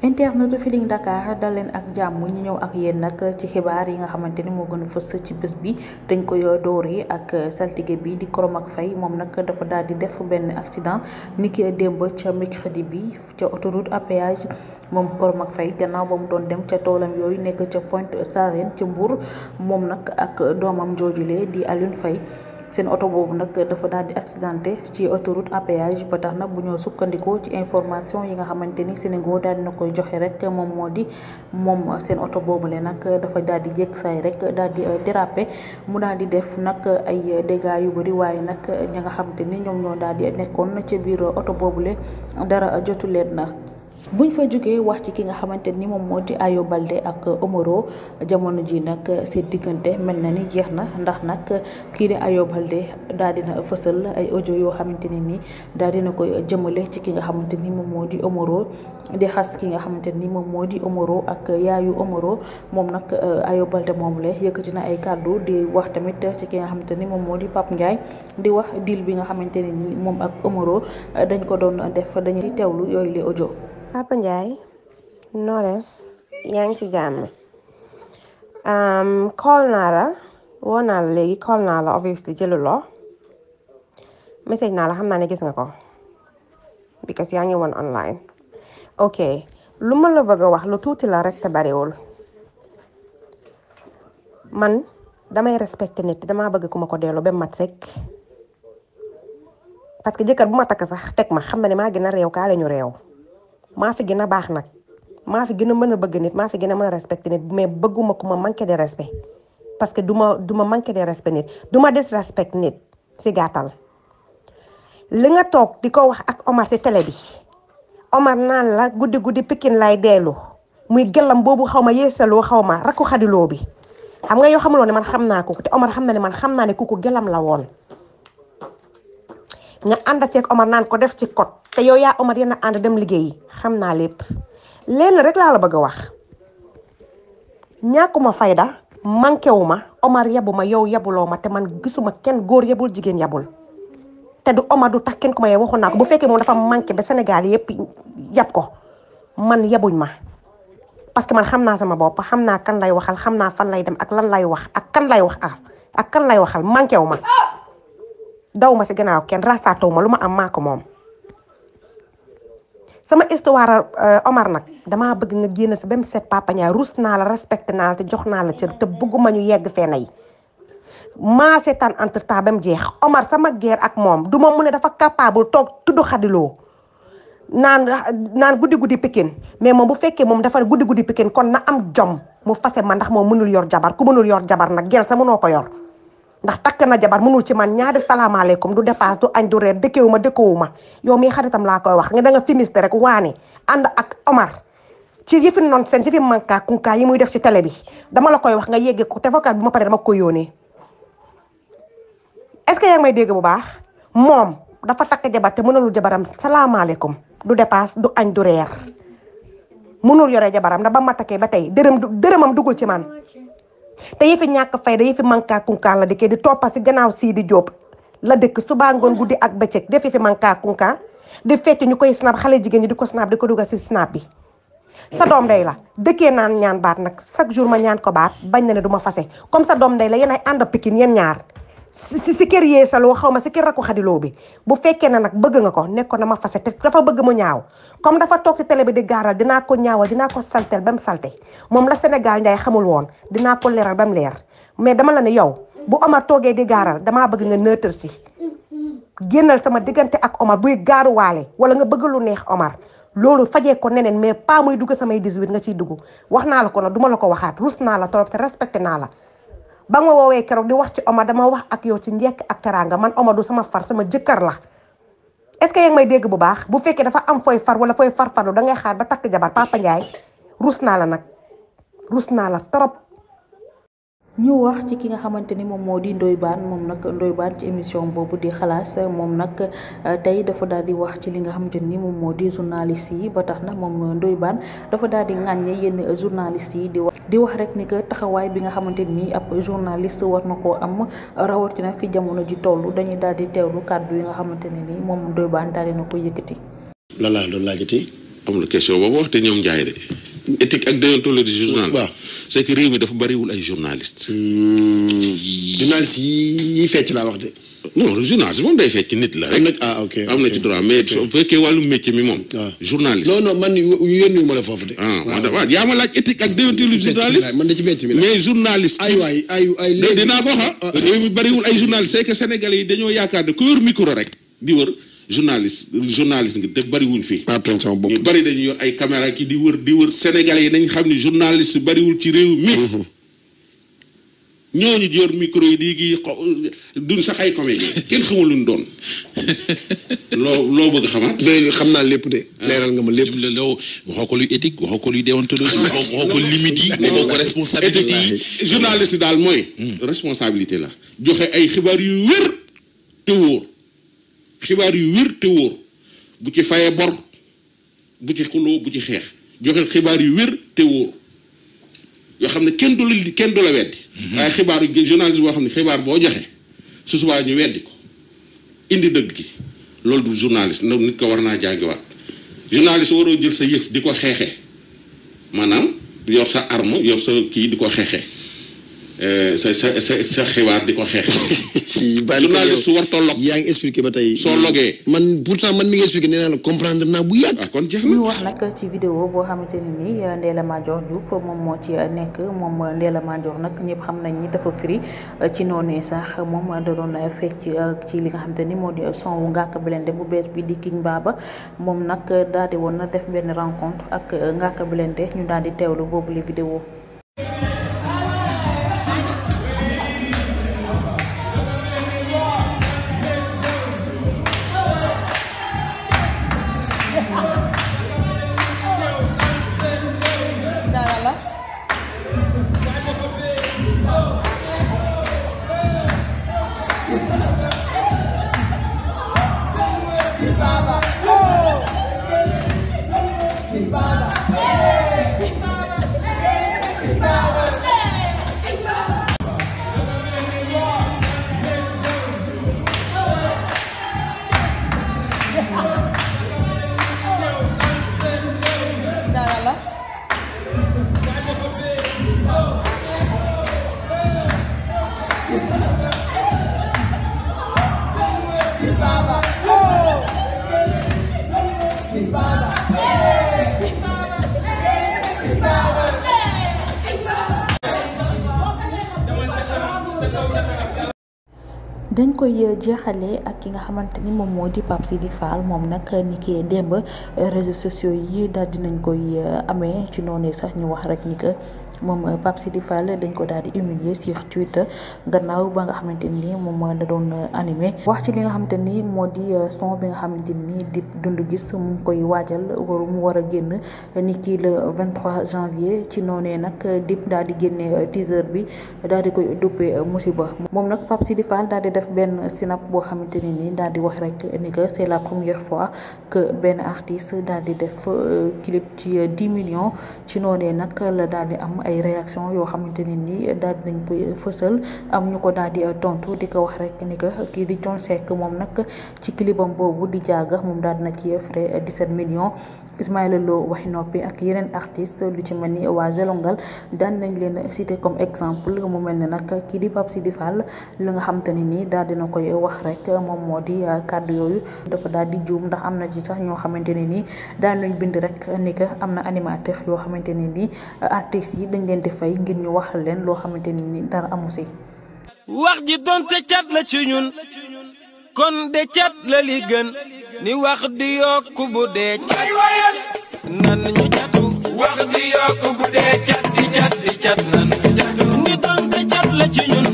internetu Feeling Dakar dal leen ak jàmm ñu ñëw ak yéen nag ci xibaar yi nga xamante ni moo gën a fës ci bés bi dañ koy doori ak saltige bi di Korom ak Faye moom nag dafa daal di def benn accident ni ki démb ca mercredi bi ca autoroute à moom Korom ak Faye gannaaw ba mu doon dem ca toolam yooyu nekk ca Pointe Sarène ca Mbour moom nag ak doomam joojule di Alioune Faye seen oto boobu nag dafa daal di accidenté ci autoroute à péage ba tax nag bu ñoo sukkandikoo ci information yi nga xamante ni Sénégal daal dina koy joxe rek moom moo di moom seen oto boobu le nag dafa daal di jékk saay rek daal di euh, dérapé mu daal di def nag ay dégâts yu bëri waaye nag ña nga xamante ni ñoom ñoo daal di nekkoon ci biir oto boobu le dara jotu leen na buñ fa jógee wax ci ki nga xamante nii moom moo di Ayo Balde ak Omoro jamono ji nag seen diggante mel na ni jeex na ndax nag kii di Ayo Balde daal dina fësal ay audio yoo xamante ne ni daal dina koy jëmale ci ki nga xamante ni moom moo di Omoro di xas ki nga xamante ni moom moo di Omoro ak yaayu Omoro moom nag euh, Ayo Balde moom la yëkkati na ay kàddu di wax tamit ci ki nga xamante ni moom moo di Pape Ndiaye di wax deal bi nga xamante ne moom ak Omoro dañ ko doon def dañuy teewlu yooyu la audio. Papa Ndiaye noo yaa ngi ci jàmm call naa la woo naa la léegi call naa la obviously jëluloo message naa la xam naa ne gis nga ko because yaa ngi woon online ok lu ma la bëgg a wax lu tuuti la rek te bariwul man damay respecté nit damaa bëgg ku ma ko delloo ba mat sekk parce que jëkkër bu ma takk sax teg ma xam na ne maa gën a réew kaa la ñu réew maa fi gën a baax nag maa fi gën a mën a bëgg nit maa fi gën a mën a respecté nit mais bëgguma ku ma manqué de respect parce que duma duma du ma manqué de respect nit duma ma disrespect nit si gàttal. li nga toog di ko wax ak Omar si télé bi Omar naan la guddi guddi pikin lay deelu muy gëllam boobu xaw ma yeesaloo xaw ma rakku xadiloo bi xam nga yoo xamuloo ne man xam naa ko te Omar xam na ne man xam naa ne ko gëlam la woon. nga ànd ceeg Omar naan ko def ci code te yow yaa Omar yéen a ànd dem liggéeyi xam naa lépp lenn rek laa la bëgg a wax ñàkkuma fayda manqué wu ma Omar yabu ma yow yabuloo ma te man gisuma kenn góor yabul jigéen yabul te du Omar du tax kenn ku ma waxoon naa ko bu fekkee moom dafa manqué ba Sénégal yëpp yab ko man yabuñ ma parce que man xam naa sama bopp xam naa kan lay waxal xam naa fan lay dem ak lan lay wax ak kan lay wax ak kan lay waxal manqué wu ma. daw ma si gannaaw kenn rasaataw ma lu ma am maa moom sama histoire euh, Omar nag damaa bëgg nga génn si ba mu set Papa Ndiaye rus naa la respecté naa la te jox naa la cër te bëgguma ñu yegg fee nay ma seetaan entre temps ba mu jeex Omar sama guerre ak moom du ma mu ne dafa capable toog tudd xadiloo naan naan guddi guddi pikin mais moom bu fekkee moom dafa guddi guddi pikin kon na am jom mu fase ma ndax moom mënul yor jabar ku mënul yor jabar nag gel sa mënoo ko yor ndax takk na jabar mënul ci man ñaari salaamaaleykum du dépasse du añ du reer dëkkewu ma dëkkewu ma yow mii xaritam laa koy wax nga da nga fimiste rek waane ànd ak Omar ci yëfi noonu seen si fi yi muy def ci télé bi dama la koy wax nga ko te vocal bi pare dama koy yónnee ce que yaa ngi dégg bu baax moom dafa takk jabar te mënalul jabaram salaamaaleykum du dépasse du añ du reer mënul yore jabaram da ba ma takkee ba tey dërëm dërëmam duggul ci man te yëfi ñàkk fay fayda yëfi mankaakunkaan la di di toppa si gannaaw Sidi Diop la dëkk subaa ngoon guddi ak bëccëg def yëfi mankaakunkaan di fecc ñu koy snap xale jigéen ñi di ko snap di ko dugal si snap bi sa doom day la dëkkee naan ñaan baat nag chaque jour ma ñaan ko baat bañ na ne du ma fase comme sa doom day la yéen ay ànd pikin yéen ñaar si si kër yee saloo xaw ma si kër rakku xadiloo bi bu fekkee na nag bëgg nga ko nekkoon dama fase te dafa bëgg mu ñaaw comme dafa toog si télé bi di gaaral dinaa ko ñaawal dinaa ko saltel ba mu moom la Sénégal nday woon dinaa ko leeral ba mu mais dama la ne yow bu Omar toogee di gaaral damaa bëgg nga neutre si génnal sama diggante ak Omar buy gaaruwaale wala nga bëgg lu neex Omar loolu fajee ko neneen mais pas muy dugg samay 18 nga ciy dugg wax naa la ko nag duma la ko waxaat rus naa la trop te respecté naa la ba nga woowee keroog di wax ci oma dama wax ak yow ci njekk ak teraanga man oma du sama far sama jëkkër la est-ce que yaa may dégg bu baax bu fekkee dafa am fooy far wala fooy far farlu dangay xaar ba takk jabar papa Ndiaye rus naa la nag rus naa la trop. ñu wax ci ki nga xamante ni moom moo di Ndoye Bane moom nag Ndoye Bane ci émission boobu di xalaas moom nag euh, tey dafa daal di wax ci li nga xamante ni moom moo di journaliste yi tax na moom Ndoye Bane dafa daal di ŋàññe yenn journaliste yi di wax di wax rek ni que taxawaay bi nga xamante ni ab journaliste war na koo am rawatina fi jamono ji toll dañuy daal di teewlu kàddu yi nga xamante ne moom Ndoye Bane daal di na ko yëkkati. lan laa doon laajati. amul question boobu wax ñoom Ndiaye de. éthique ak déontologie journal waaw c'est que réew mi dafa bariwul ay hmm. journaliste journaliste yi fecc laa wax de non journaliste moom day fekk nit la rek. ah ok am na ci droit mais su fekkee wàllu mi moom. Ah. journaliste non non man yónni wu ma foofu ah, de. waaw yaa ma laaj éthique ak déontologie journaliste man da ci métier mi la mais journaliste. ay waay ay ay léegi dinaa ko wax ah. réew mi bariwul ay journaliste c'est que sénégalais yi dañoo yaakaar ne ku yor micro rek di wër. journaliste journaliste nga te bariwuñ fii. attention bopp ñu bari dañu yor ay caméra ki wër di wër sénégalais yi nañ xam ni journaliste bariwul ci réew mi. Mm-hmm. ñooñu yor micro yi di sax ay comédien kenn loo loo bëgg xam naa lépp de. Ah. leeral nga ma lépp de loo waxoo ah. yi daal mooy. Hmm. responsabilité la joxe ay xibaar yu wér te xibaar yu wér te wóor bu ci fayee bor bu ci xuloo bu ci xeex joxeel xibaar yu wér te wóor yoo xam ne kenn du la kenn du la weddi waaye xibaar yu boo xam ne xibaar boo joxe su subaa ñu weddi ko indi dëgg gi loolu du journaliste ndax nit ko war naa jàngiwaat journaliste waroo jël sa yëf di ko xeexee maanaam yor sa arme yor sa kii di ko xeexee euh, sa sa sa sa xibaar di ko xeexee ci bàyyi ko journaliste war too log yaa ngi expliqué ba tey. soo logee man pourtant man mi ngi expliqué nee naa la comprendre naa bu yàgg. Ah, nag ci vidéo boo xamante ne nii Ndella Madior moom moo ci nekk moom Ndella Madior nag ñëpp xam nañ ni dafa firi ci noonu sax moom da doon fecc ci li nga xamante ni moo di son wu Ngaaka Blindé bu bees bi di King Baba moom nag daal woon na def benn rencontre ak Ngaaka Blindé ñu daal di teewlu boobu la vidéo. dañ koy euh, jeexale ak ki nga xamante ni moom moo di Pape di faal moom nag ni ki démb euh, réseaux sociaux yi daal dinañ koy euh, amee ci noonu sax ñu wax rek ni que moom Pape di Fall dañ ko daal di humilier sur Twitter gannaaw ba nga xamante ni moom da doon animé wax ci li nga xamante ni moo di son bi nga xamante ni di dund gis mu ngi koy waajal mu war a génn ni kii le 23 janvier ci noonee nag dip daal di génnee teaser bi daal di koy duppee musiba moom nag Pape Sidi Fall daal di def benn sinap boo xamante ne nii daal di wax rek ni que c'est la première fois que benn artiste daal di def euh, clip ci 10 millions ci noonee nag la daal di am ay réaction yoo xamante ne nii daal nañ koy fësal am ñu ko daal di tontu di ko wax rek ni kii di Thione Seck moom nag ci clipam boobu di jaaga moom daal di na ci frais 17 millions Ismaïla Lo waxi noppi ak yeneen artiste lu ci mel ni waa Jalongal daan nañ leen cité comme exemple mu mel ne nag kii di Pape Sidi Fall nga xam ne nii daal dina koy wax rek moom moo di kàddu yooyu dafa daal di juum ndax am na ji sax ñoo xamante ne nii daan nañ bind rek ni am na animateur yoo xamante ne nii artistes yi dañ leen di fay ngir ñu wax leen loo xamante ne nii dara amu si wax ji donte cat la ci ñun kon de cat la li gën ni wax di yokk bu dee cat nan ñu catu bu dee cat di ñu catu ni doonte cat la ci ñun